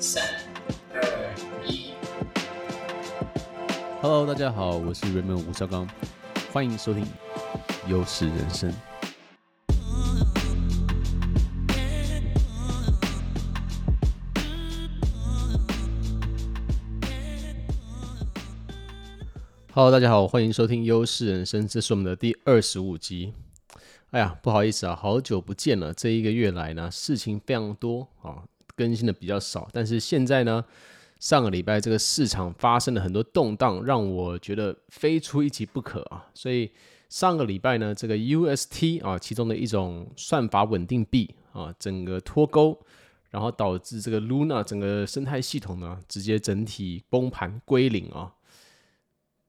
三二一，Hello，大家好，我是 Raymond 吳紹剛，歡迎收聽《優勢人生》。Hello，大家好，歡迎收聽《優勢人生》，這是我們的第二十五集。哎呀，不好意思啊，好久不見了，這一個月來呢，事情非常多啊。更新的比較少，但是現在呢，上個禮拜這個市場發生了很多動盪，讓我覺得非出一集不可啊！所以上個禮拜呢，這個 UST 啊，其中的一種算法穩定幣啊，整個脫鈎，然後導致這個 Luna 整個生態系統呢，直接整體崩盤歸零啊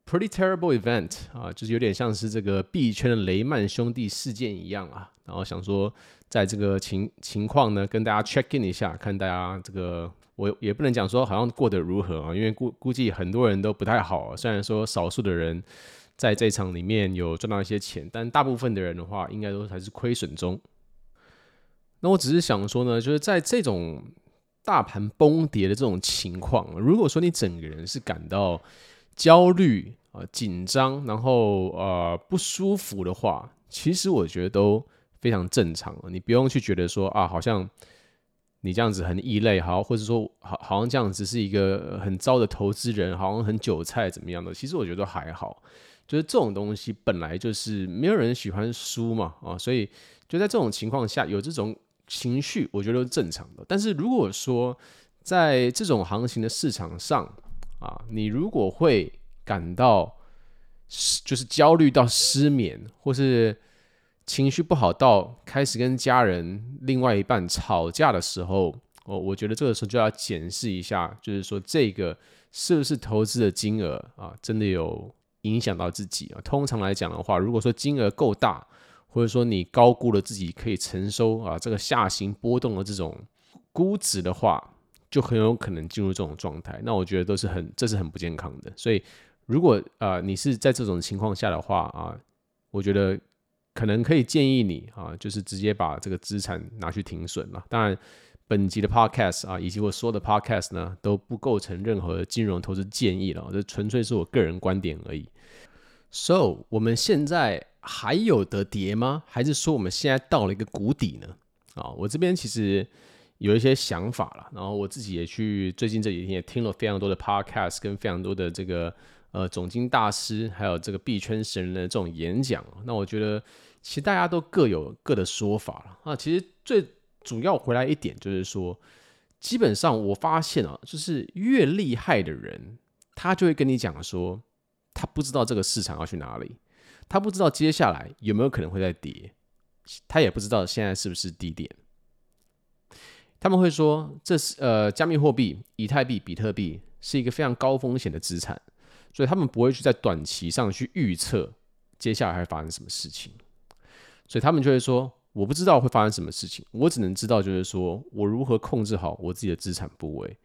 ，pretty terrible event 啊，就是有點像是這個幣圈的雷曼兄弟事件一樣啊，然後想說。在這個情情況呢，跟大家 check in 一下，看大家這個我也不能講說好像過得如何啊，因為估估計很多人都不太好啊。雖然說少數的人在這場裡面有賺到一些錢，但大部分的人的話，應該都還是虧損中。那我只是想說呢，就是在這種大盤崩跌的這種情況，如果說你整個人是感到焦慮啊、呃、緊張，然後啊、呃、不舒服的話，其實我覺得都。非常正常，你不用去覺得說啊，好像你這樣子很異類，好，或者說好，好像這樣子是一個很糟的投資人，好像很韭菜怎麼樣的？其實我覺得都還好，就是這種東西本來就是沒有人喜歡輸嘛，啊，所以就在這種情況下有這種情緒，我覺得都是正常的。但是如果說在這種行情的市場上啊，你如果會感到就是焦慮到失眠，或是。情緒不好到開始跟家人、另外一半吵架的時候，我我覺得這個時候就要檢視一下，就是說這個是不是投資的金額啊，真的有影響到自己啊？通常來講的話，如果說金額夠大，或者說你高估了自己可以承受啊這個下行波動的這種估值的話，就很有可能進入這種狀態。那我覺得都是很，這是很不健康的。所以，如果啊，你是在這種情況下的話啊，我覺得。可能可以建議你啊，就是直接把這個資產拿去停損了。當然，本集的 podcast 啊，以及我說的 podcast 呢，都不構成任何金融投資建議了，哦，這純粹是我個人觀點而已。So，我們現在還有得跌嗎？還是說我們現在到了一個谷底呢？啊，哦，我這邊其實有一些想法了，然後我自己也去最近這幾天也聽了非常多的 podcast，跟非常多的這個呃總經大師，還有這個幣圈神人的這種演講。那我覺得。其實大家都各有各的說法了啊，其實最主要回來一點就是說，基本上我發現啊，就是越厲害的人，他就會跟你講說，他不知道這個市場要去哪裡，他不知道接下來有沒有可能會再跌，他也不知道現在是不是低點。他們會說，這是呃，加密貨幣、以太幣、比特幣是一個非常高風險的資產，所以他們不會去在短期上去預測接下來還會發生什麼事情。所以他們就會說：“我不知道會發生什麼事情，我只能知道就是說我如何控制好我自己的資產部位。”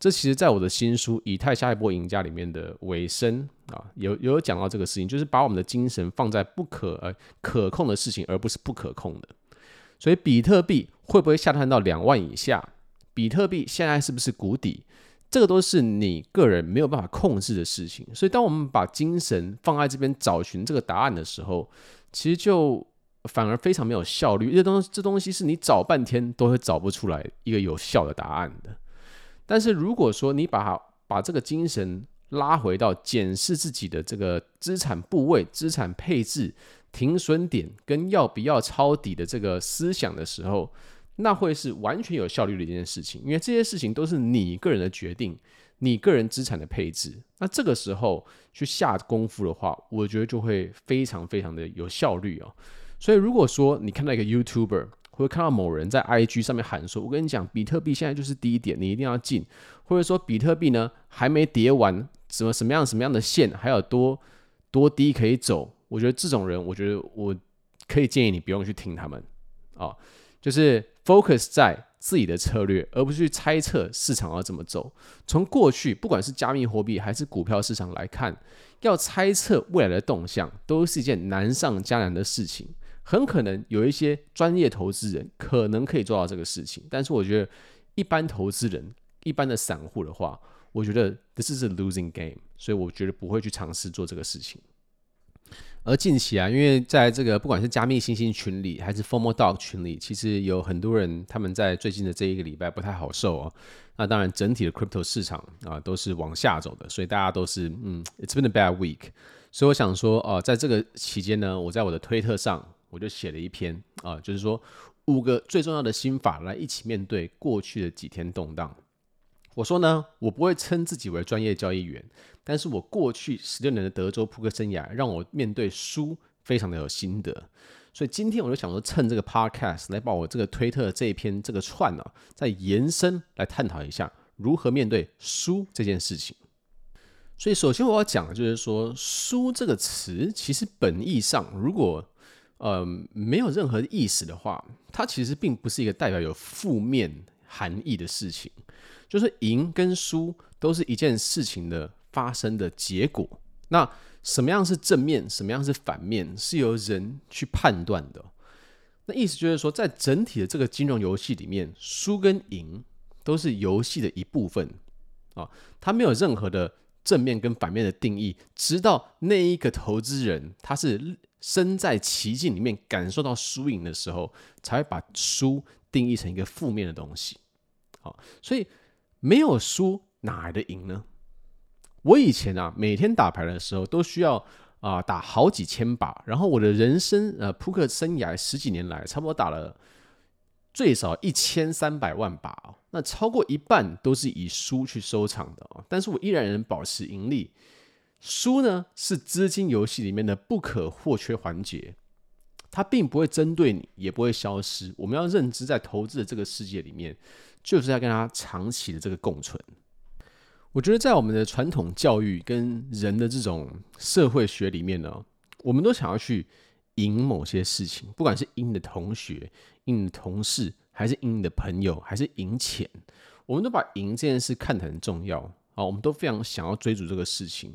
這其實在我的新書《以太下一波贏家》裡面的尾聲啊，有有講到這個事情，就是把我們的精神放在不可呃可控的事情，而不是不可控的。所以，比特幣會不會下探到兩萬以下？比特幣現在是不是谷底？這個都是你個人沒有辦法控制的事情。所以，當我們把精神放在這邊找尋這個答案的時候，其實就。反而非常沒有效率，這東這東西是你找半天都會找不出來一個有效的答案的。但是如果說你把把這個精神拉回到檢視自己的這個資產部位、資產配置、停損點跟要不要抄底的這個思想的時候，那會是完全有效率的一件事情。因為這些事情都是你個人的決定，你個人資產的配置。那這個時候去下功夫的話，我覺得就會非常非常的有效率哦。所以，如果說你看到一個 YouTuber，或者看到某人在 IG 上面喊說：“我跟你講，比特幣現在就是低點，你一定要進。”或者說比特幣呢還沒跌完，什麼什麼樣什麼樣的線還有多多低可以走？我覺得這種人，我覺得我可以建議你不用去聽他們啊、哦，就是 focus 在自己的策略，而不是去猜測市場要怎麼走。從過去不管是加密貨幣還是股票市場來看，要猜測未來的動向都是一件難上加難的事情。很可能有一些專業投資人可能可以做到這個事情，但是我覺得一般投資人、一般的散戶的話，我覺得這是個 losing game，所以我覺得不會去嘗試做這個事情。而近期啊，因為在這個不管是加密猩猩群裡還是 Formo Dog 群裡，其實有很多人他們在最近的這一個禮拜不太好受啊、哦。那當然，整體的 crypto 市場啊都是往下走的，所以大家都是嗯，It's been a bad week。所以我想說啊，在這個期間呢，我在我的推特上。我就寫了一篇啊，就是說五個最重要的心法來一起面對過去的幾天動盪。我說呢，我不會稱自己為專業交易員，但是我過去十六年的德州撲克生涯讓我面對輸非常的有心得，所以今天我就想說趁這個 podcast 來把我這個推特這一篇這個串啊再延伸來探討一下如何面對輸這件事情。所以首先我要講的就是說“輸”這個詞，其實本意上如果，呃，沒有任何意思的話，它其實並不是一個代表有負面含義的事情。就是贏跟輸都是一件事情的發生的結果。那什麼樣是正面，什麼樣是反面，是由人去判斷的。那意思就是說，在整體的這個金融遊戲裡面，輸跟贏都是遊戲的一部分啊。它沒有任何的正面跟反面的定義，直到那一個投資人他是。身在其境裡面，感受到輸贏的時候，才會把輸定義成一個負面的東西。好，所以沒有輸哪來的贏呢？我以前啊，每天打牌的時候都需要啊打好幾千把，然後我的人生呃撲克生涯十幾年來，差不多打了最少一千三百萬把哦，那超過一半都是以輸去收場的哦，但是我依然能保持盈利。輸呢是資金遊戲裡面的不可或缺環節，它並不會針對你，也不會消失。我們要認知，在投資的這個世界裡面，就是要跟它長期的這個共存。我覺得在我們的傳統教育跟人的這種社會學裡面呢，我們都想要去贏某些事情，不管是贏你的同學、贏你的同事，還是贏你的朋友，還是贏錢，我們都把贏這件事看得很重要。哦，我們都非常想要追逐這個事情，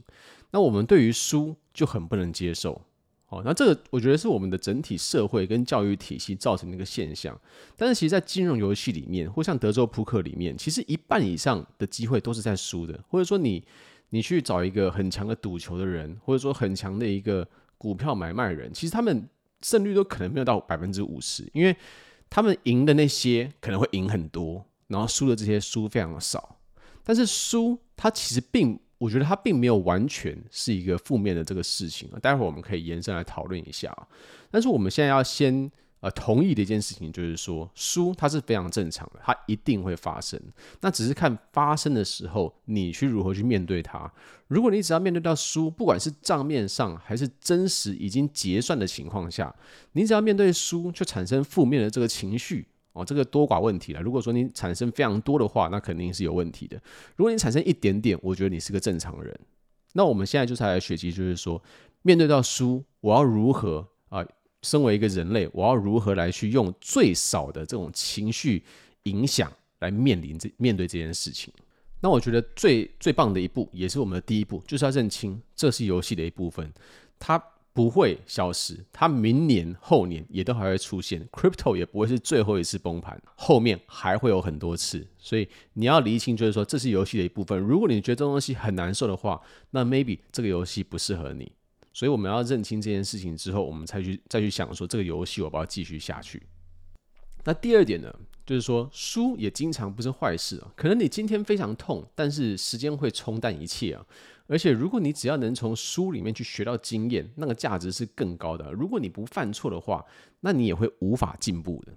那我們對於輸就很不能接受。哦，那這個我覺得是我們的整體社會跟教育體系造成的一個現象。但是其實，在金融遊戲裡面，或像德州撲克裡面，其實一半以上的機會都是在輸的。或者說你，你你去找一個很強的賭球的人，或者說很強的一個股票買賣人，其實他們勝率都可能沒有到百分之五十，因為他們贏的那些可能會贏很多，然後輸的這些輸非常的少。但是輸，它其實並，我覺得它並沒有完全是一個負面的這個事情啊。待會兒我們可以延伸來討論一下啊。但是我們現在要先呃同意的一件事情就是說，輸它是非常正常的，它一定會發生。那只是看發生的時候你去如何去面對它。如果你只要面對到輸，不管是賬面上還是真實已經結算的情況下，你只要面對輸，就產生負面的這個情緒。哦，這個多寡問題了。如果說你產生非常多的話，那肯定是有問題的。如果你產生一點點，我覺得你是個正常人。那我們現在就是來學習，就是說，面對到輸，我要如何啊、呃，身為一個人類，我要如何來去用最少的這種情緒影響來面臨這面對這件事情？那我覺得最最棒的一步，也是我們的第一步，就是要認清，這是遊戲的一部分。它不會消失，它明年後年也都還會出現，crypto 也不會是最後一次崩盤，後面還會有很多次，所以你要理清，就是說這是遊戲的一部分。如果你覺得這東西很難受的話，那 maybe 這個遊戲不適合你。所以我們要認清這件事情之後，我們才去再去想說這個遊戲我要不要繼續下去。那第二點呢，就是說輸也經常不是壞事啊，可能你今天非常痛，但是時間會沖淡一切啊。而且，如果你只要能從書裡面去學到經驗，那個價值是更高的。如果你不犯錯的話，那你也會無法進步的。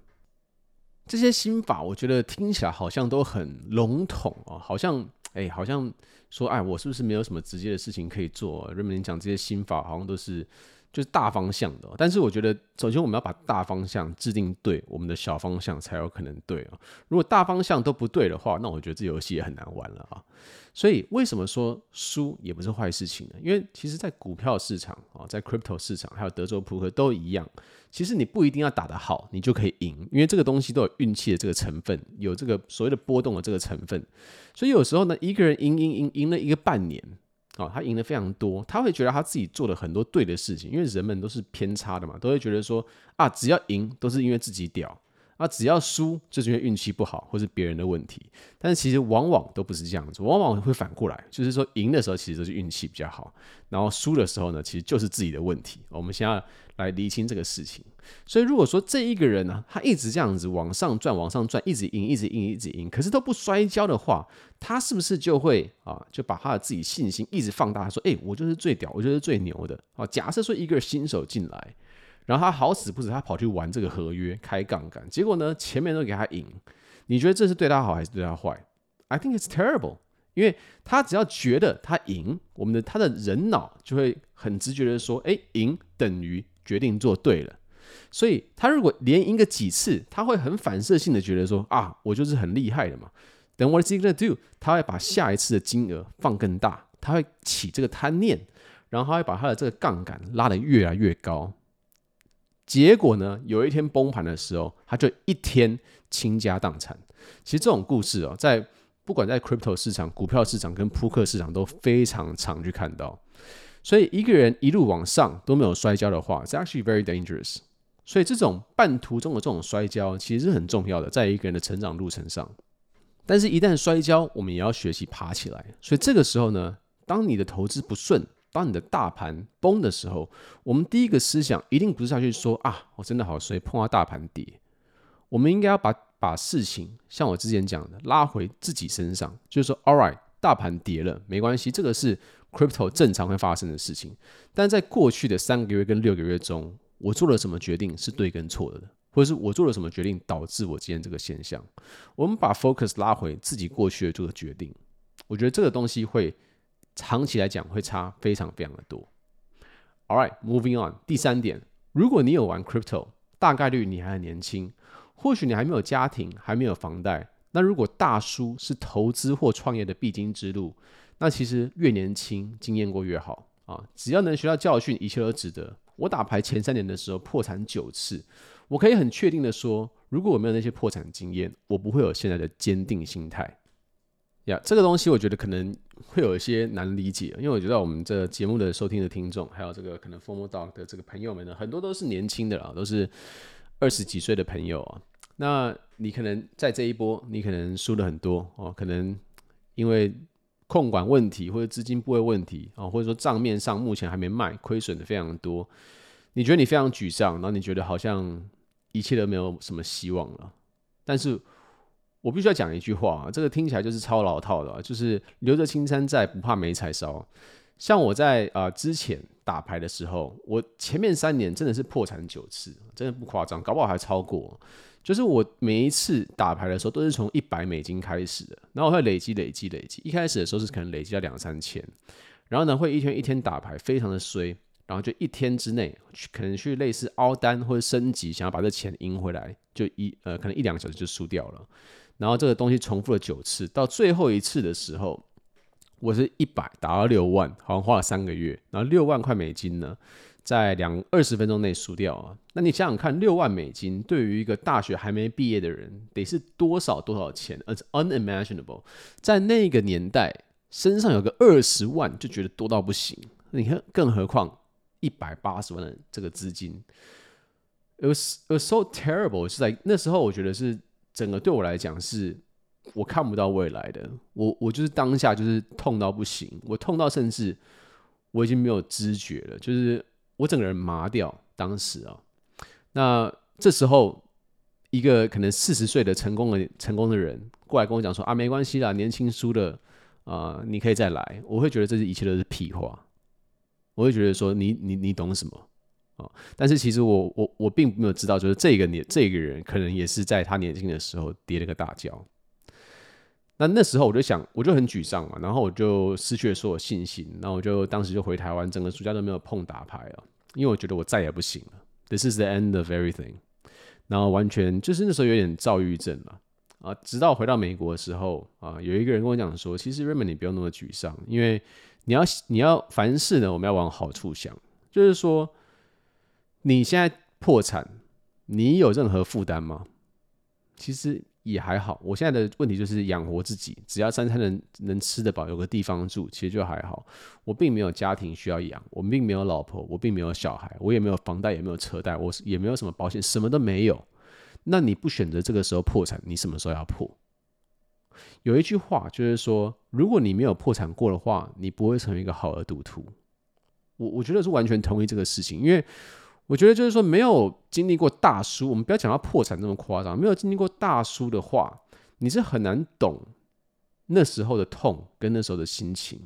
這些心法，我覺得聽起來好像都很籠統啊，好像哎、欸，好像說哎，我是不是沒有什麼直接的事情可以做？人們講這些心法，好像都是。就是大方向的喔，但是我覺得，首先我們要把大方向制定對，我們的小方向才有可能對哦喔。如果大方向都不對的話，那我覺得這遊戲也很難玩了啊喔。所以為什麼說輸也不是壞事情呢？因為其實，在股票市場啊，在 crypto 市場，還有德州撲克都一樣，其實你不一定要打得好，你就可以贏，因為這個東西都有運氣的這個成分，有這個所謂的波動的這個成分。所以有時候呢，一個人贏贏贏贏了一個半年。哦，他贏的非常多，他會覺得他自己做了很多對的事情，因為人們都是偏差的嘛，都會覺得說啊，只要贏都是因為自己屌。那、啊、只要輸就是因為運氣不好，或是別人的問題，但是其實往往都不是這樣子，往往會反過來，就是說，贏的時候其實都是運氣比較好，然後輸的時候呢，其實就是自己的問題。我們先要來釐清這個事情。所以如果說這一個人呢、啊，他一直這樣子往上轉往上轉，一直贏一直贏一直贏，可是都不摔跤的話，他是不是就會啊，就把他的自己信心一直放大，說，哎，我就是最屌，我就是最牛的。啊，假設說一個新手進來。然後他好死不死，他跑去玩這個合約開槓桿，結果呢，前面都給他贏，你覺得這是對他好還是對他壞？I think it's terrible，因為他只要覺得他贏，我們的他的人腦就會很直覺的說，哎，贏等於決定做對了，所以他如果連贏個幾次，他會很反射性的覺得說，啊，我就是很厲害的嘛。等 what is he gonna do？他會把下一次的金額放更大，他會起這個貪念，然後他會把他的這個槓桿拉得越來越高。結果呢，有一天崩盤的時候，他就一天傾家蕩產。其實這種故事哦，在不管在 crypto 市場、股票市場跟撲克市場都非常常去看到。所以一個人一路往上都沒有摔跤的話，是 actually very dangerous。所以這種半途中的這種摔跤其實是很重要的，在一個人的成長路程上。但是，一旦摔跤，我們也要學習爬起來。所以這個時候呢，當你的投資不順，當你的大盤崩的時候，我們第一個思想，一定不是要去說啊，我真的好衰，碰到大盤跌。我們應該要把把事情像我之前講的拉回自己身上，就是說，All right，大盤跌了沒關係，這個是 crypto 正常會發生的事情。但在過去的三個月跟六個月中，我做了什麼決定是對跟錯的，或者是我做了什麼決定導致我今天這個現象？我們把 focus 拉回自己過去的這個決定，我覺得這個東西會。長期來講會差非常非常的多。All right, moving on。第三點，如果你有玩 crypto，大概率你還很年輕，或許你還沒有家庭，還沒有房貸。那如果大輸是投資或創業的必經之路，那其實越年輕經驗過越好啊。只要能學到教訓，一切都值得。我打牌前三年的時候破產九次，我可以很確定的說，如果我沒有那些破產經驗，我不會有現在的堅定心態。呀，yeah, 這個東西我覺得可能會有一些難理解，因為我覺得我們這節目的收聽的聽眾，還有這個可能 Formal Dog 的這個朋友們呢，很多都是年輕的啊，都是二十幾歲的朋友啊。那你可能在這一波，你可能輸了很多哦，可能因為控管問題或者資金部位問題啊、哦，或者說賬面上目前還沒賣，虧損的非常多。你覺得你非常沮喪，然後你覺得好像一切都沒有什麼希望了，但是。我必須要講一句話啊，這個聽起來就是超老套的，啊，就是留着青山在，不怕沒柴燒。像我在啊、呃、之前打牌的時候，我前面三年真的是破產九次，真的不誇張，搞不好還超過。就是我每一次打牌的時候，都是從一百美金開始的，然後我會累積、累積、累積。一開始的時候是可能累積到兩三千，然後呢會一天一天打牌，非常的衰，然後就一天之內去可能去類似凹單或者升級，想要把這錢贏回來，就一呃可能一兩個小時就輸掉了。然後這個東西重複了九次，到最後一次的時候，我是一百打到六萬，好像花了三個月。然後六萬塊美金呢，在兩二十分鐘內輸掉啊！那你想想看，六萬美金對於一個大學還沒畢業的人，得是多少多少錢？It's Unimaginable！在那個年代，身上有個二十萬就覺得多到不行。你看，更何況一百八十萬的這個資金，It was it was so terrible！是在那時候，我覺得是。整個對我來講是，我看不到未來的。我我就是當下就是痛到不行，我痛到甚至我已經沒有知覺了，就是我整個人麻掉。當時啊，那這時候一個可能四十歲的成功的成功的人過來跟我講說啊，沒關係啦，年輕輸了，啊、呃，你可以再來。我會覺得這一切都是屁話，我會覺得說你你你懂什麼？啊、哦！但是其實我我我並沒有知道，就是這個年這個人可能也是在他年輕的時候跌了個大跤。那那時候我就想，我就很沮喪嘛，然後我就失去了所有信心，然後我就當時就回台灣，整個暑假都沒有碰打牌啊，因為我覺得我再也不行了，This is the end of everything。然後完全就是那時候有點躁鬱症嘛。啊，直到回到美國的時候，啊，有一個人跟我講說，其實 Raymond 你不用那麼沮喪，因為你要你要凡事呢，我們要往好處想，就是說。你現在破產，你有任何負擔嗎？其實也還好。我現在的問題就是養活自己，只要三餐能能吃得飽，有個地方住，其實就還好。我並沒有家庭需要養，我並沒有老婆，我並沒有小孩，我也沒有房貸，也沒有車貸，我也沒有什麼保險，什麼都沒有。那你不選擇這個時候破產，你什麼時候要破？有一句話就是說，如果你沒有破產過的話，你不會成為一個好的賭徒。我我覺得是完全同意這個事情，因為。我覺得就是說，沒有經歷過大輸，我們不要講到破產這麼誇張。沒有經歷過大輸的話，你是很難懂那時候的痛跟那時候的心情。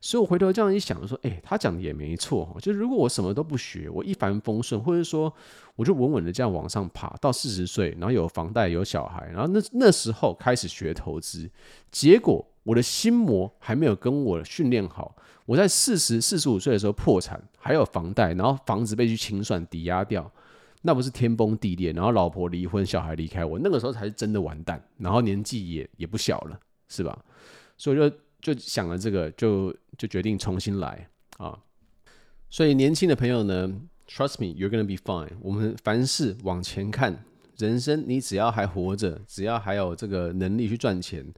所以我回頭這樣一想，說：“哎、欸，他講的也沒錯，就是如果我什麼都不學，我一帆風順，或者說我就穩穩的這樣往上爬，到四十歲，然後有房貸、有小孩，然後那那時候開始學投資，結果……”我的心魔還沒有跟我訓練好，我在四十四十五歲的時候破產，還有房貸，然後房子被去清算抵押掉，那不是天崩地裂，然後老婆離婚，小孩離開我，那個時候才是真的完蛋，然後年紀也也不小了，是吧？所以就就想了這個，就就決定重新來啊。所以年輕的朋友呢，trust me，you're gonna be fine。我們凡事往前看，人生你只要還活着，只要還有這個能力去賺錢。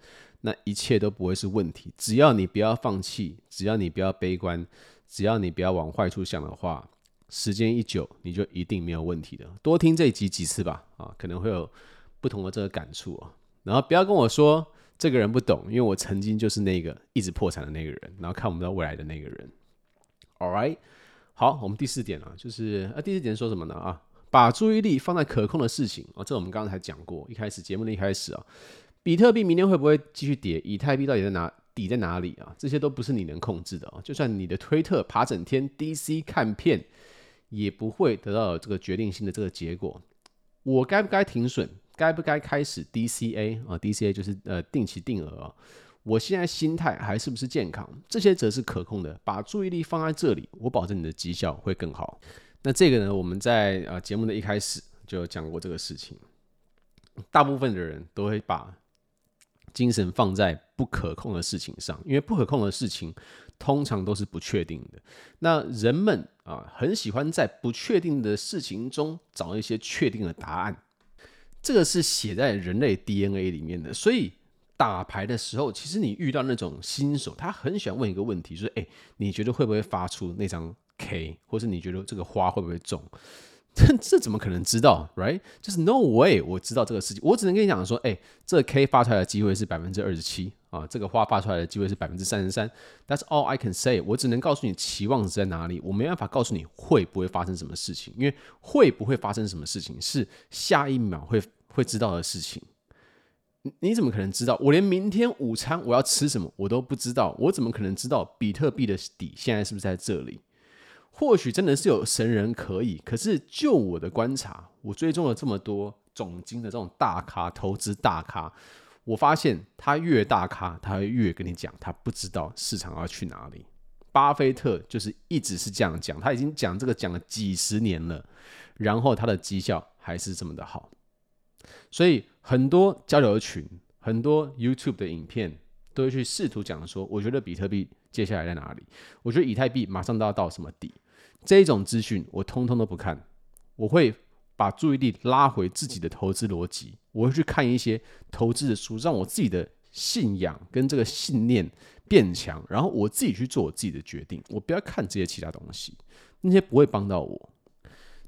那一切都不會是問題，只要你不要放棄，只要你不要悲觀，只要你不要往壞處想的話，時間一久，你就一定沒有問題的。多聽這一集幾次吧，啊，可能會有不同的這個感觸啊。然後不要跟我說這個人不懂，因為我曾經就是那個一直破產的那個人，然後看不到未來的那個人。All right，好，我們第四點啊，就是啊，第四點說什麼呢？啊，把注意力放在可控的事情啊，這我們剛剛才講過，一開始節目的一開始啊。比特幣明天會不會繼續跌？以太幣到底在哪底在哪裡啊？這些都不是你能控制的哦。就算你的推特爬整天 DC 看片，也不會得到這個決定性的這個結果。我該不該停損？該不該開始 DCA 啊？DCA 就是呃定期定額啊。我現在心態還是不是健康？這些則是可控的。把注意力放在這裡，我保證你的績效會更好。那這個呢？我們在啊節目的一開始就講過這個事情。大部分的人都會把精神放在不可控的事情上，因為不可控的事情通常都是不確定的。那人們啊，很喜歡在不確定的事情中找一些確定的答案，這個是寫在人類 DNA 裡面的。所以打牌的時候，其實你遇到那種新手，他很喜歡問一個問題，說，欸，你覺得會不會發出那張 K，或是你覺得這個花會不會中？這這怎麼可能知道？right？就是 no way，我知道這個事情，我只能跟你講說，哎、欸，這個 K 發出來的機會是百分之二十七啊，這個花發出來的機會是百分之三十三。That's all I can say，我只能告訴你期望值在哪裡，我沒辦法告訴你會不會發生什麼事情，因為會不會發生什麼事情是下一秒會會知道的事情。你你怎麼可能知道？我連明天午餐我要吃什麼我都不知道，我怎麼可能知道比特幣的底現在是不是在這裡？或許真的是有神人可以，可是就我的觀察，我追蹤了這麼多總經的這種大咖、投資大咖，我發現他越大咖，他會越跟你講，他不知道市場要去哪裡。巴菲特就是一直是這樣講，他已經講這個講了幾十年了，然後他的績效還是這麼的好。所以很多交流群、很多 YouTube 的影片，都會去試圖講說，我覺得比特幣接下來在哪裡？我覺得以太幣馬上都要到什麼底？這種資訊我通通都不看，我會把注意力拉回自己的投資邏輯，我會去看一些投資的書，讓我自己的信仰跟這個信念變強，然後我自己去做我自己的決定，我不要看這些其他東西，那些不會幫到我。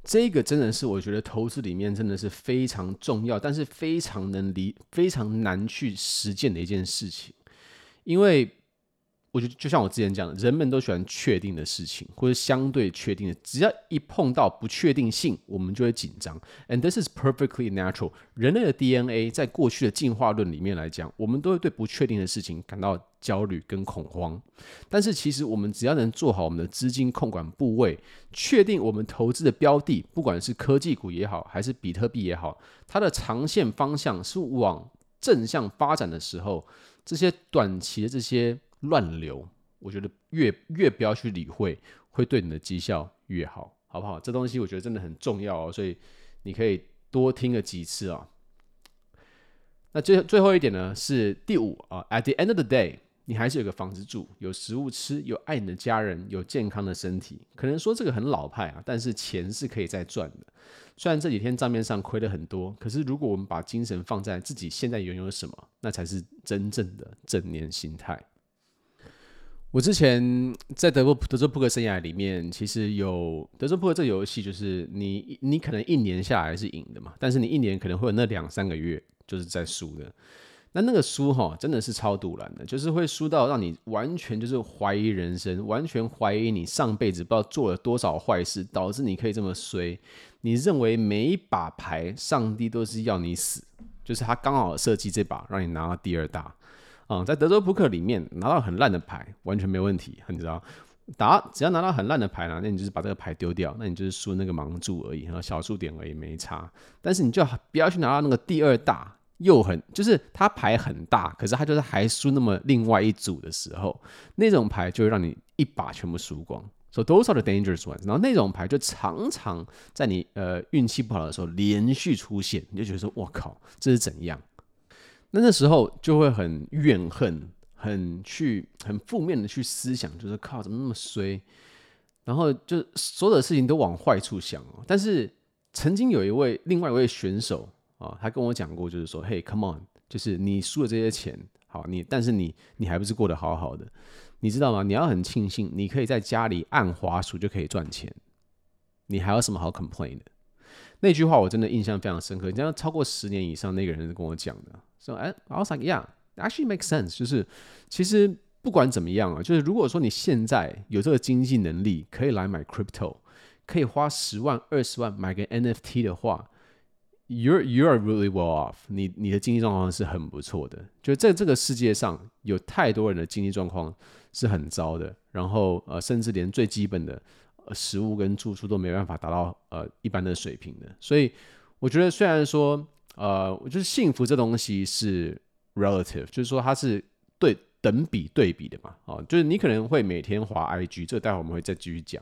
這個真的是我覺得投資裡面真的是非常重要，但是非常能離，非常難去實踐的一件事情，因為。我就就像我之前講的，人們都喜歡確定的事情，或者相對確定的。只要一碰到不確定性，我們就會緊張。And this is perfectly natural。人類的 DNA 在過去的進化論裡面來講，我們都會對不確定的事情感到焦慮跟恐慌。但是其實我們只要能做好我們的資金控管部位，確定我們投資的標的，不管是科技股也好，還是比特幣也好，它的長線方向是往正向發展的時候，這些短期的這些。亂流，我覺得越越不要去理會，會對你的績效越好，好不好？這東西我覺得真的很重要哦，所以你可以多聽個幾次哦。那最最後一點呢，是第五啊。At the end of the day，你還是有個房子住，有食物吃，有愛你的家人，有健康的身體。可能說這個很老派啊，但是錢是可以再賺的。雖然這幾天賬面上虧了很多，可是如果我們把精神放在自己現在擁有什麼，那才是真正的正念心態。我之前在德州德州撲克生涯裡面，其實有德州撲克這個遊戲，就是你你可能一年下來是贏的嘛，但是你一年可能會有那兩三個月就是在輸的。那那個輸齁，真的是超賭爛的，就是會輸到讓你完全就是懷疑人生，完全懷疑你上輩子不知道做了多少壞事，導致你可以這麼衰。你認為每一把牌，上帝都是要你死，就是他剛好設計這把讓你拿到第二大。啊、嗯，在德州撲克裡面拿到很爛的牌完全沒問題，你知道？打只要拿到很爛的牌呢，那你就是把這個牌丟掉，那你就是輸那個盲注而已，然後小數點而已沒差。但是你就不要去拿到那個第二大又很，就是他牌很大，可是他就是還輸那麼另外一組的時候，那種牌就會讓你一把全部輸光。So those are the dangerous ones，然後那種牌就常常在你呃運氣不好的時候連續出現，你就覺得說我靠，這是怎樣？那時候就會很怨恨，很去很負面的去思想，就是靠怎麼那麼衰，然後就所有的事情都往壞處想喔，但是曾經有一位另外一位選手啊，喔，他跟我講過，就是說：“嘿，come on，就是你輸了這些錢，好你，但是你你還不是過得好好的，你知道嗎？你要很慶幸你可以在家裡按滑鼠，就可以賺錢，你還有什麼好 complain 的？”那句話我真的印象非常深刻，你知道，超過十年以上，那個人跟我講的。So I was like yeah, it actually makes sense. 就是其實不管怎麼樣啊，就是如果說你現在有這個經濟能力，可以來買 crypto，可以花十萬二十萬買個 NFT 的話，you're you're really well off. 你你的經濟狀況是很不錯的。就在這個世界上，有太多人的經濟狀況是很糟的，然後呃，甚至連最基本的、呃、食物跟住處都沒辦法達到呃一般的水平的。所以我覺得雖然說，呃，我就是幸福這東西是 relative，就是說它是對等比對比的嘛。啊、哦，就是你可能會每天滑 IG，這待會我們會再繼續講。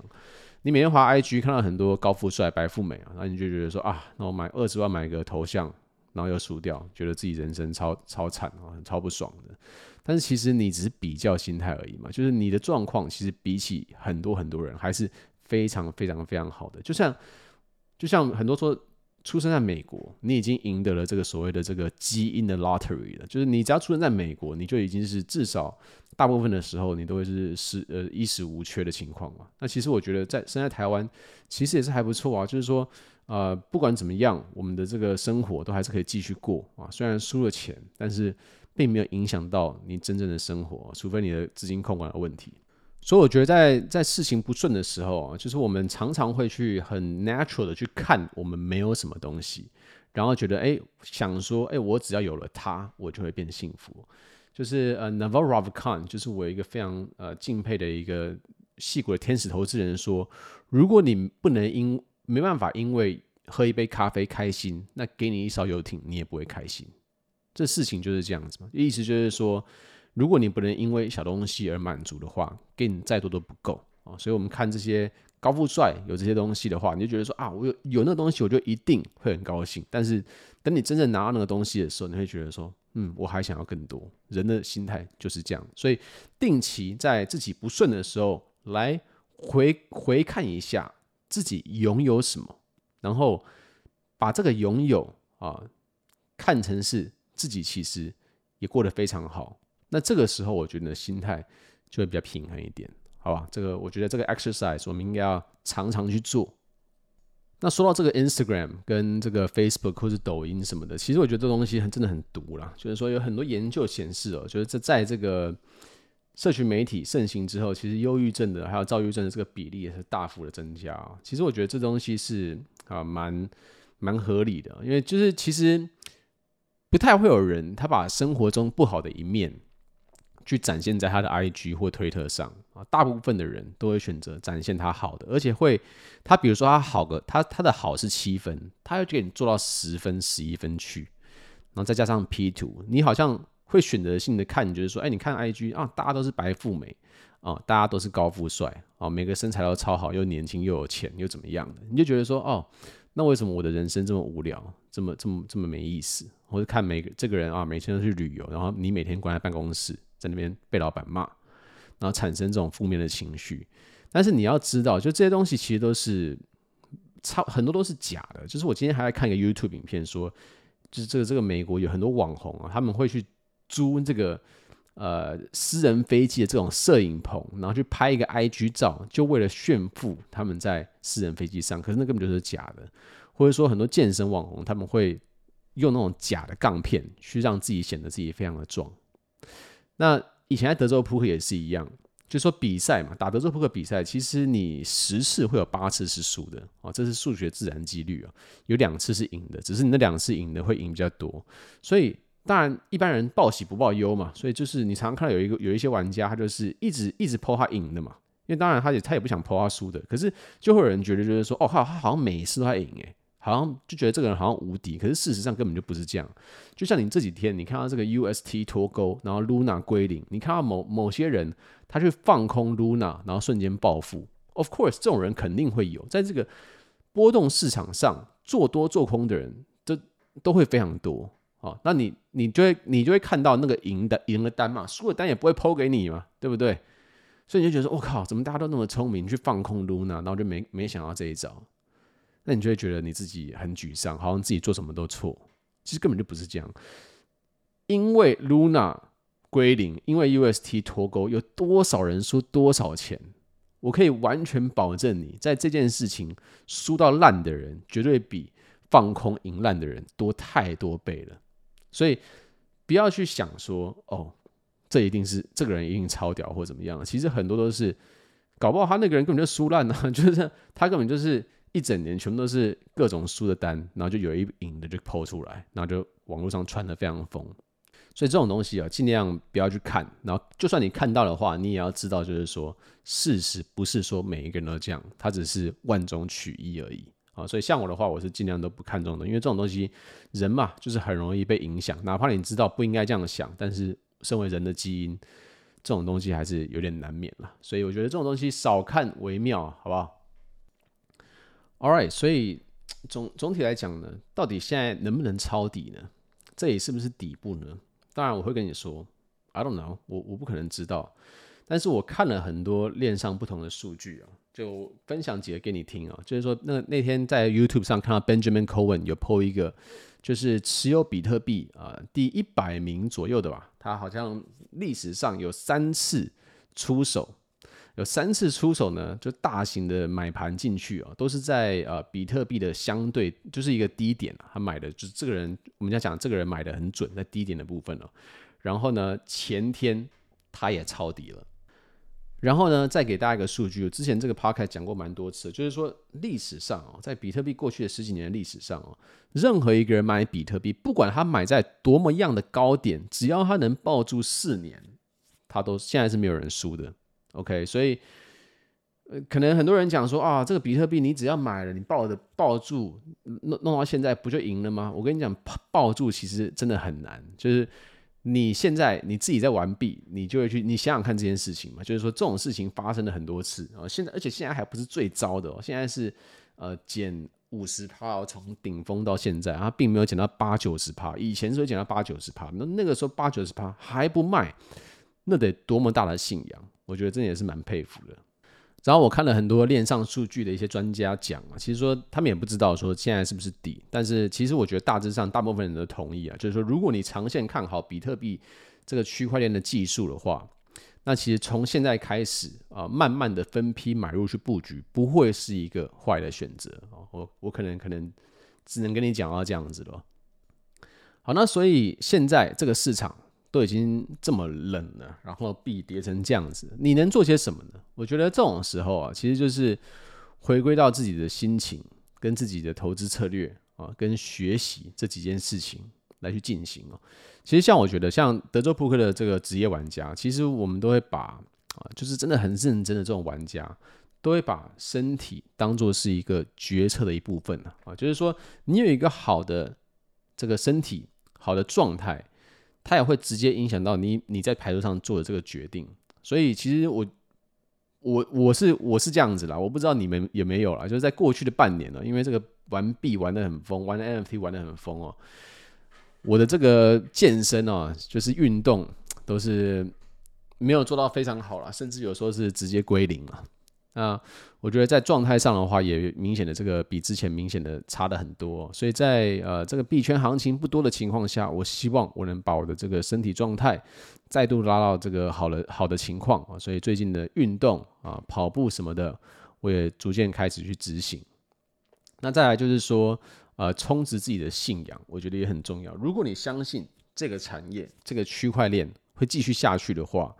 你每天滑 IG 看到很多高富帥、白富美啊，然、啊、後你就覺得說啊，那我買二十萬買個頭像，然後又輸掉，覺得自己人生超超慘啊，超不爽的。但是其實你只是比較心態而已嘛，就是你的狀況其實比起很多很多人還是非常非常非常好的。就像就像很多說。出生在美國，你已經贏得了這個所謂的這個基因的 lottery 了，就是你只要出生在美國，你就已經是至少大部分的時候，你都會是是呃衣食無缺的情況嘛。那其實我覺得在生在台灣，其實也是還不錯啊。就是說，呃，不管怎麼樣，我們的這個生活都還是可以繼續過啊。雖然輸了錢，但是並沒有影響到你真正的生活，除非你的資金控管有問題。所以我覺得在，在在事情不順的時候啊，就是我們常常會去很 natural 的去看，我們沒有什麼東西，然後覺得，哎、欸，想說，哎、欸，我只要有了它，我就會變幸福。就是呃、uh，Naval Ravikant，就是我一個非常呃敬佩的一個矽谷的天使投資人說，如果你不能因沒辦法因為喝一杯咖啡開心，那給你一艘遊艇，你也不會開心。這事情就是這樣子嘛，意思就是說。如果你不能因為小東西而滿足的話，給你再多都不夠啊！所以，我們看這些高富帥有這些東西的話，你就覺得說啊，我有有那個東西，我就一定會很高興。但是，等你真正拿到那個東西的時候，你會覺得說，嗯，我還想要更多。人的心態就是這樣，所以定期在自己不順的時候，來回回看一下自己擁有什麼，然後把這個擁有啊看成是自己其實也過得非常好。那這個時候，我覺得心態就會比較平衡一點，好吧？這個我覺得這個 exercise 我們應該要常常去做。那說到這個 Instagram 跟這個 Facebook 或者抖音什麼的，其實我覺得這東西很真的很毒啦，就是說有很多研究顯示哦喔，就是這在這個社群媒體盛行之後，其實憂鬱症的還有躁鬱症的這個比例也是大幅的增加喔。其實我覺得這東西是啊蠻蠻合理的，因為就是其實不太會有人他把生活中不好的一面去展現在他的 IG 或推特上啊，大部分的人都會選擇展現他好的，而且會他比如說他好個他他的好是七分，他就給你做到十分十一分去，然後再加上 P 圖，你好像會選擇性的看，你覺得說，哎，你看 IG 啊，大家都是白富美啊，大家都是高富帥啊，每個身材都超好，又年輕又有錢又怎麼樣的，你就覺得說，哦，那為什麼我的人生這麼無聊，這麼這麼這麼沒意思？或者看每個這個人啊，每天都去旅遊，然後你每天關在辦公室。在那邊被老闆罵，然後產生這種負面的情緒。但是你要知道，就這些東西其實都是差很多，都是假的。就是我今天還在看一個 YouTube 影片，說就是這個這個美國有很多網紅啊，他們會去租這個呃私人飛機的這種攝影棚，然後去拍一個 IG 照，就為了炫富。他們在私人飛機上，可是那根本就是假的。或者說很多健身網紅，他們會用那種假的槓片去讓自己顯得自己非常的壯。那以前在德州撲克也是一樣，就是、說比賽嘛，打德州撲克比賽，其實你十次會有八次是輸的啊，這是數學自然幾率啊，有兩次是贏的，只是你那兩次贏的會贏比較多，所以當然一般人報喜不報憂嘛，所以就是你常常看到有一個有一些玩家，他就是一直一直 po 他贏的嘛，因為當然他也他也不想 po 他輸的，可是就會有人覺得就是說，哦，他他好像每一次都在贏誒。好像就覺得這個人好像無敵，可是事實上根本就不是這樣。就像你這幾天，你看到這個 UST 脫鈎，然後 Luna 歸零，你看到某某些人他去放空 Luna，然後瞬間暴富。Of course，這種人肯定會有，在這個波動市場上做多做空的人都都會非常多。哦，那你你就會你就會看到那個贏的贏的單嘛，輸的單也不會拋給你嘛，對不對？所以你就覺得我，哦，靠，怎麼大家都那麼聰明去放空 Luna，然後就沒沒想到這一招。那你就會覺得你自己很沮喪，好像自己做什麼都錯。其實根本就不是這樣，因為 Luna 歸零，因為 UST 脫鈎，有多少人輸多少錢？我可以完全保證你，你在這件事情輸到爛的人，絕對比放空贏爛的人多太多倍了。所以不要去想說，哦，這一定是這個人一定超屌或怎麼樣。其實很多都是搞不好他那個人根本就輸爛了、啊，就是他根本就是。一整年全部都是各種輸的單，然後就有一贏的就拋出來，然後就網絡上傳的非常瘋。所以這種東西啊，儘量不要去看。然後就算你看到的話，你也要知道，就是說事實不是說每一個人都這樣，它只是萬中取一而已啊。所以像我的話，我是儘量都不看重的，因為這種東西人嘛，就是很容易被影響。哪怕你知道不應該這樣想，但是身為人的基因，這種東西還是有點難免啦。所以我覺得這種東西少看為妙，好不好？All right，所以總總體來講呢，到底現在能不能抄底呢？這裡是不是底部呢？當然我會跟你說，I don't know，我我不可能知道。但是我看了很多鏈上不同的數據啊，就分享幾個給你聽啊。就是說、那個，那那天在 YouTube 上看到 Benjamin Cohen 有 po 一個，就是持有比特幣啊，第一百名左右的吧，他好像歷史上有三次出手。有三次出手呢，就大型的買盤進去哦，都是在呃比特幣的相對就是一個低點啊，他買的，就是這個人我們家講這個人買的很準，在低點的部分哦。然後呢，前天他也抄底了。然後呢，再給大家一個數據，之前這個 podcast 講過蠻多次，就是說歷史上哦，在比特幣過去的十幾年的歷史上哦，任何一個人買比特幣，不管他買在多麼樣的高點，只要他能抱住四年，他都現在是沒有人輸的。OK，所以，呃，可能很多人講說啊，這個比特幣你只要買了，你抱着抱住弄弄到現在不就贏了嗎？我跟你講，抱住其實真的很難。就是你現在你自己在玩幣，你就會去你想想看這件事情嘛。就是說，這種事情發生了很多次啊，呃，現在而且現在還不是最糟的哦，現在是呃減五十趴哦，從頂峰到現在啊，並沒有減到八九十趴。以前說減到八九十趴，那那個時候八九十趴還不賣，那得多麼大的信仰？我覺得這也是蠻佩服的。然後我看了很多鏈上數據的一些專家講啊,其實說他們也不知道說現在是不是底，但是其實我覺得大致上大部分人都同意啊，就是說如果你長線看好比特幣這個區塊鏈的技術的話，那其實從現在開始啊，慢慢的分批買入去布局，不會是一個壞的選擇。我我可能可能只能跟你講到這樣子咯。好，那所以現在這個市場。都已經這麼冷了，然後幣跌成這樣子，你能做些什麼呢？我覺得這種時候啊，其實就是回歸到自己的心情，跟自己的投資策略啊，跟學習這幾件事情來去進行啊，其實像我覺得，像德州撲克的這個職業玩家，其實我們都會把啊，就是真的很認真的這種玩家，都會把身體當作是一個決策的一部分啊，啊。就是說，你有一個好的這個身體，好的狀態。它也會直接影響到你你在牌桌上做的這個決定，所以其實我我我是我是這樣子啦，我不知道你們有沒有啦，就是在過去的半年呢，因為這個玩幣玩的很瘋，玩 NFT 玩的很瘋喔，我的這個健身喔，就是運動都是沒有做到非常好了，甚至有時候是直接歸零了。那我覺得在狀態上的話，也明顯的這個比之前明顯的差得很多，所以在呃這個幣圈行情不多的情況下，我希望我能把我的這個身體狀態再度拉到這個好的好的情況啊，所以最近的運動啊，跑步什麼的，我也逐漸開始去執行。那再來就是說，呃，充值自己的信仰，我覺得也很重要。如果你相信這個產業、這個區塊鏈會繼續下去的話。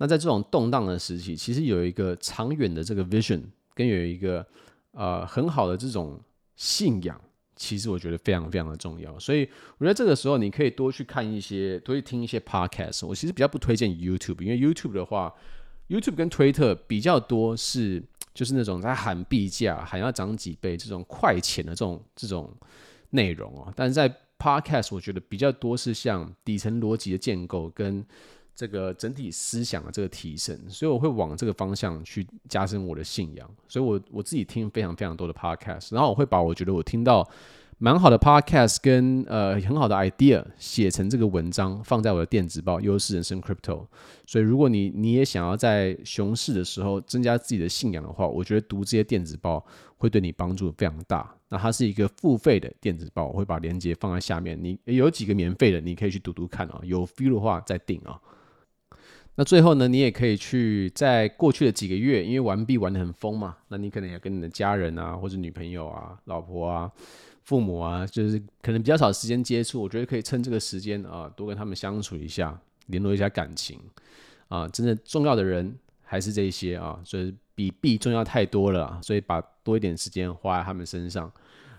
那在這種動盪的時期，其實有一個長遠的這個 vision，跟有一個、呃、很好的這種信仰，其實我覺得非常非常的重要。所以我覺得這個時候你可以多去看一些，多去聽一些 podcast。我其實比較不推薦 YouTube，因為 YouTube 的話，YouTube 跟推特比較多是就是那種在喊幣價、還要漲幾倍這種快錢的這種這種內容哦。但是在 podcast，我覺得比較多是像底層邏輯的建構跟。這個整體思想的這個提升，所以我會往這個方向去加深我的信仰。所以，我我自己聽非常非常多的 podcast，然後我會把我覺得我聽到蠻好的 podcast 跟呃很好的 idea 寫成這個文章，放在我的電子報《優勢人生 Crypto》。所以，如果你你也想要在熊市的時候增加自己的信仰的話，我覺得讀這些電子報會對你幫助非常大。那它是一個付費的電子報，我會把鏈接放在下面。你有幾個免費的，你可以去讀讀看啊。有 feel 的話再訂啊。那最後呢，你也可以去在過去的幾個月，因為玩幣玩得很瘋嘛，那你可能也跟你的家人啊，或者女朋友啊、老婆啊、父母啊，就是可能比較少時間接觸，我覺得可以趁這個時間啊，多跟他們相處一下，聯絡一下感情啊，真正重要的人還是這些啊，所以比幣重要太多了，所以把多一點時間花在他們身上。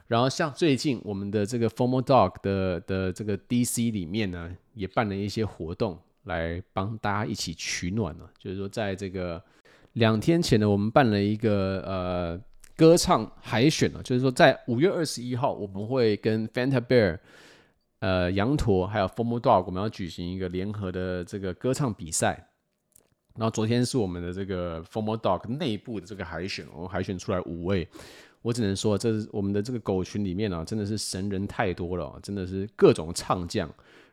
然後像最近我們的這個 FOMO Dog 的的這個 DC 裡面呢，也辦了一些活動。來幫大家一起取暖。啊、就是說，在這個兩天前呢，我們辦了一個呃歌唱海選。啊、就是說在五月二十一號，我們會跟 Fanta Bear 呃羊駝還有 Formo Dog，我們要舉行一個聯合的這個歌唱比賽。然後昨天是我們的這個 Formo Dog 內部的這個海選，我們海選出來五位，我只能說，這是我們的這個狗群裡面啊，真的是神人太多了，啊，真的是各種唱將。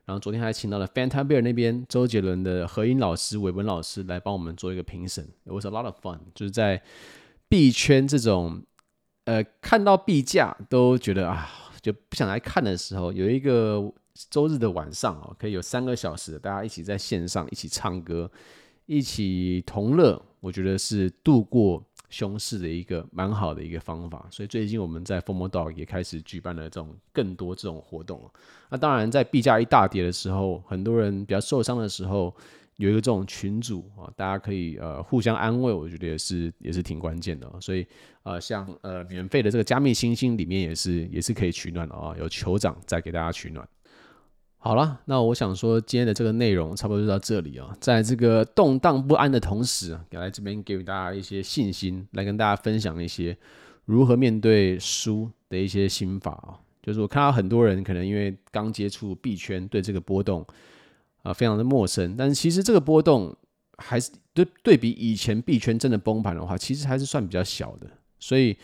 然後昨天還請到了 Phanta Bear 那邊周杰倫的合音老師韋文老師來幫我們做一個評審。It was a lot of fun，就是在幣圈這種呃看到幣價都覺得啊就不想來看的時候，有一個周日的晚上哦，可以有三個小時大家一起在線上一起唱歌，一起同樂，我覺得是度過。熊市的一個蠻好的一個方法，所以最近我們在 FOMO Dog 也開始舉辦了這種更多這種活動。那當然，在幣價一大跌的時候，很多人比較受傷的時候，有一個這種群組啊，大家可以呃互相安慰，我覺得也是也是挺關鍵的哦。所以呃，像呃免費的這個加密猩猩裡面也是也是可以取暖的啊哦，有酋長在給大家取暖。好了，那我想說今天的這個內容差不多就到這裡哦，在這個動盪不安的同時，我來這邊給予大家一些信心，來跟大家分享一些如何面對輸的一些心法哦，就是我看到很多人可能因為剛接觸幣圈，對這個波動啊，呃，非常的陌生，但是其實這個波動還是對對比以前幣圈真的崩盤的話，其實還是算比較小的。所以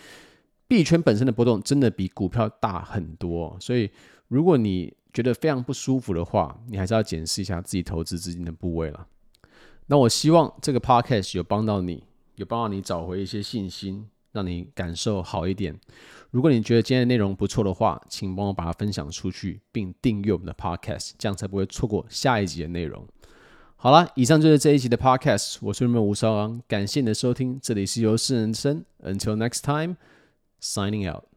幣圈本身的波動真的比股票大很多哦，所以如果你覺得非常不舒服的話，你還是要檢視一下自己投資資金的部位了。那我希望這個 podcast 有幫到你，有幫到你找回一些信心，讓你感受好一點。如果你覺得今天的內容不錯的話，請幫我把它分享出去，並訂閱我們的 podcast，這樣才不會錯過下一集的內容。好了，以上就是這一集的 podcast，我是你們吳少昂，感謝你的收聽。這裡是優勢人生，Until next time，signing out。